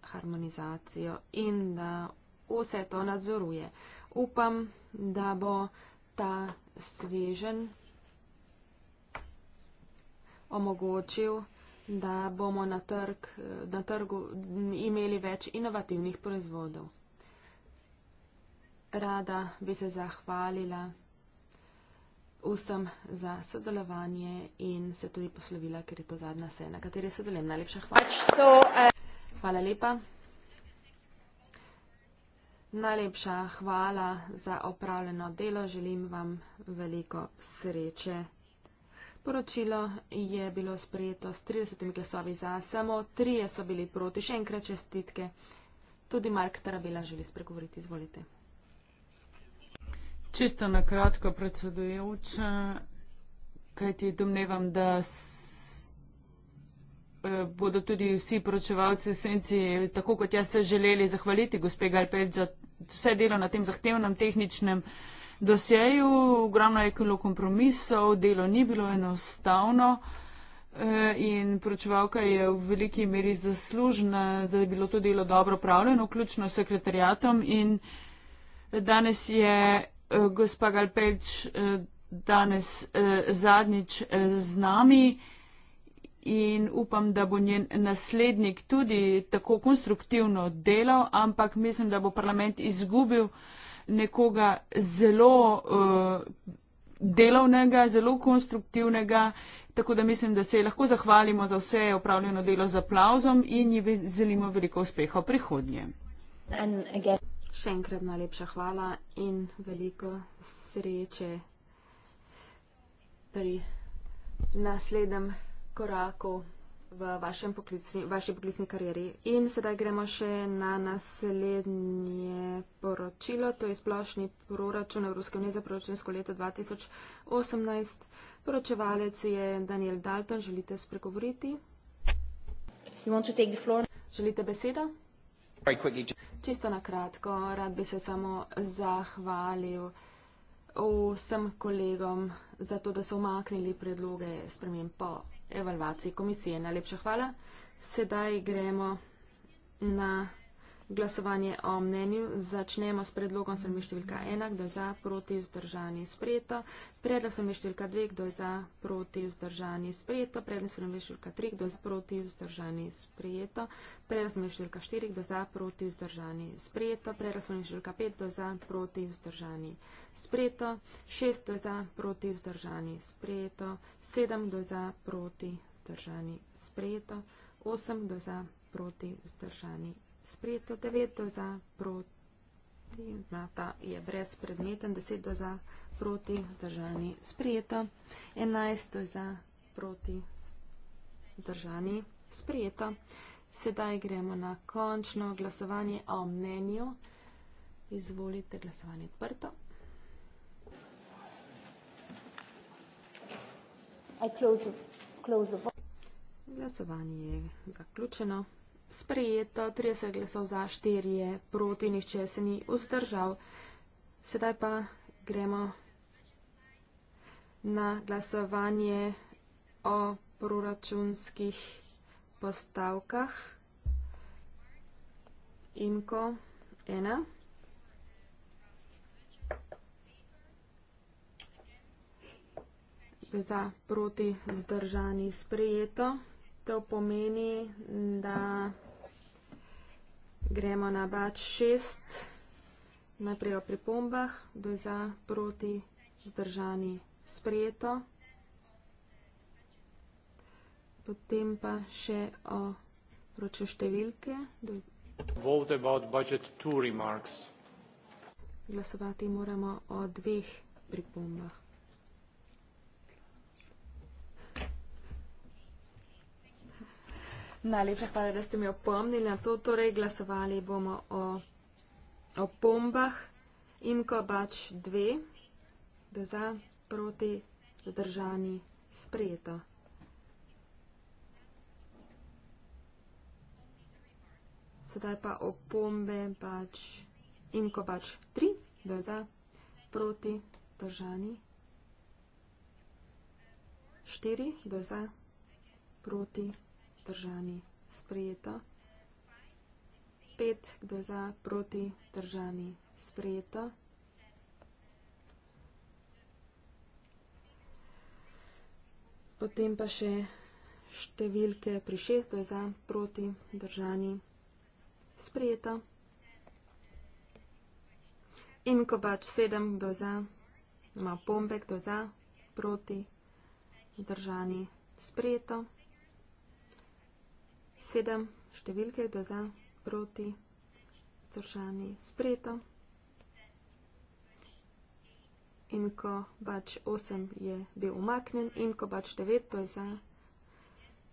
harmonizacijo in da vse to nadzoruje upam, da bo ta svežen omogočil, da bomo na, trg, na trgu imeli več inovativnih proizvodov. Rada bi se zahvalila vsem za sodelovanje in se tudi poslovila, ker je to zadnja sena, na kateri sodelujem. Najlepša hvala. Eh, hvala lepa. Najlepša hvala za opravljeno delo, želim vam veliko sreče. Poročilo je bilo sprejeto s 30 glasovi za, samo trije so bili proti. Še enkrat čestitke. Tudi Mark Tarabela želi spregovoriti, izvolite. Čisto na kratko, predsedujoča, kajti domnevam, da eh, bodo tudi vsi poročevalci v senci, tako kot jaz se želeli, zahvaliti gospe Galpet za to, vse delo na tem zahtevnem tehničnem dosjeju, ogromno je bilo kompromisov, delo ni bilo enostavno eh, in pročevalka je v veliki meri zaslužna, da je bilo to delo dobro pravljeno, vključno s sekretarjatom in danes je eh, gospa Galpeč eh, danes zadnjič z nami in upam, da bo njen naslednik tudi tako konstruktivno delal, ampak mislim, da bo parlament izgubil nekoga zelo uh, delovnega, zelo konstruktivnega, tako da mislim, da se lahko zahvalimo za vse opravljeno delo z aplauzom in ji želimo veliko uspeha v prihodnje. Še enkrat najlepša hvala in veliko sreče pri naslednjem korakov v vašem poklicni, vaši poklicni karieri. In sedaj gremo še na naslednje poročilo, to je splošni proračun Evropske unije za proračunsko leto 2018. Poročevalec je Daniel Dalton, želite spregovoriti? Želite besedo? Čisto na kratko, rad bi se samo zahvalil vsem kolegom za to, da so omaknili predloge spremem po evalvaciji komisije. Najlepša hvala. Sedaj gremo na. Glasovanje o mnenju začnemo s predlogom spremembe številka 1, kdo je za, proti, vzdržani, sprejeto. Predlog spremembe številka 2, kdo je za, proti, vzdržani, sprejeto. Predlog spremembe številka 3, kdo je za, proti, vzdržani, sprejeto. Predlog spremembe številka 4, kdo je za, proti, vzdržani, sprejeto. Predlog spremembe številka 5, kdo je za, proti, vzdržani, sprejeto. 6, kdo je za, proti, vzdržani, sprejeto. 7, kdo je za, proti, vzdržani, sprejeto. 8, kdo je za, proti, vzdržani, sprejeto sprejeto 9 do za proti, ta je brezpredmeten, 10 do za proti, zdržani sprejeto, 11 do za proti, zdržani sprejeto. Sedaj gremo na končno glasovanje o mnenju. Izvolite glasovanje odprto. Glasovanje je zaključeno sprejeto, 30 glasov za, 4 je proti, nihče se ni vzdržal. Sedaj pa gremo na glasovanje o proračunskih postavkah. Inko 1. Za proti zdržani sprejeto. To pomeni, da gremo na bač šest, najprej o pripombah, do za, proti, zdržani, sprejeto. Potem pa še o vroče številke. Vote about budget two remarks. Glasovati moramo o dveh pripombah. Najlepša hvala, da ste me opomnili na to. Torej, glasovali bomo o, o pombah in ko pač dve, do za, proti, zadržani, sprejeto. Sedaj pa o pombe pač in ko pač tri, do za, proti, zadržani, štiri, do za, proti, zadržani vzdržani, sprejeta. 5, kdo je za, proti, vzdržani, sprejeta. Potem pa še številke pri 6, kdo je za, proti, vzdržani, sprejeta. In ko pač 7, kdo je za, ima pombe, kdo je za, proti, vzdržani, sprejeta. Sprejeta sedem številke do za, proti, zdržani, spreto. In ko pač osem je bil umaknen, in ko pač devet, to je za,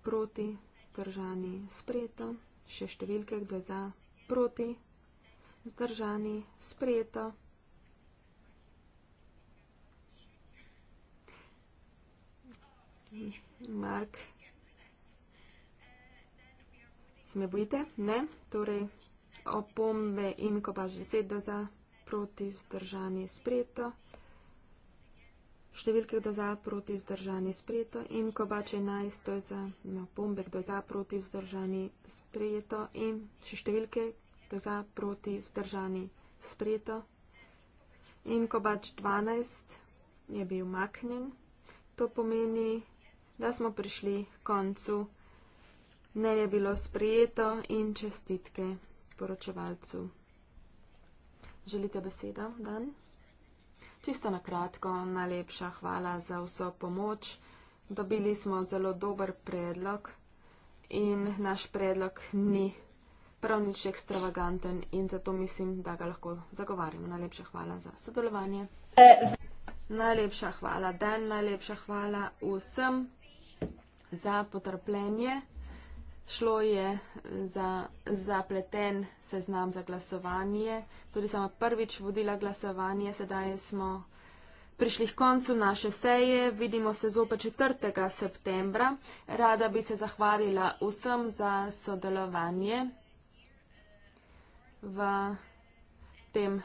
proti, zdržani, spreto. Še številke do za, proti, zdržani, spreto. Mark me bojite? Ne. Torej, opombe in ko pa že sedo za proti vzdržani spreto. Številke kdo za proti vzdržani sprejeto in ko pač enajst, to je za no, pombe, kdo za proti vzdržani sprejeto in še številke kdo za proti vzdržani sprejeto. In ko pač dvanajst je bil maknen, to pomeni, da smo prišli koncu Ne je bilo sprejeto in čestitke poročevalcu. Želite besedo, Dan? Čisto na kratko, najlepša hvala za vso pomoč. Dobili smo zelo dober predlog in naš predlog ni prav nič ekstravaganten in zato mislim, da ga lahko zagovarjamo. Najlepša hvala za sodelovanje. Najlepša hvala, Dan, najlepša hvala vsem za potrpljenje. Šlo je za zapleten seznam za glasovanje. Tudi sama prvič vodila glasovanje, sedaj smo prišli k koncu naše seje. Vidimo se zopet 4. septembra. Rada bi se zahvalila vsem za sodelovanje v tem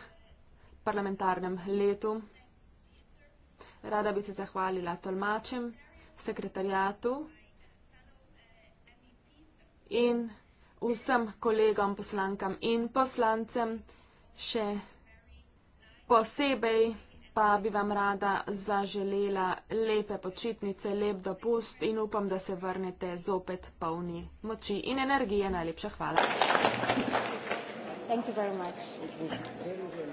parlamentarnem letu. Rada bi se zahvalila tolmačem, sekretarjatu in vsem kolegom, poslankam in poslancem še posebej pa bi vam rada zaželela lepe počitnice, lep dopust in upam, da se vrnete zopet polni moči in energije. Najlepša hvala. Thank you very much.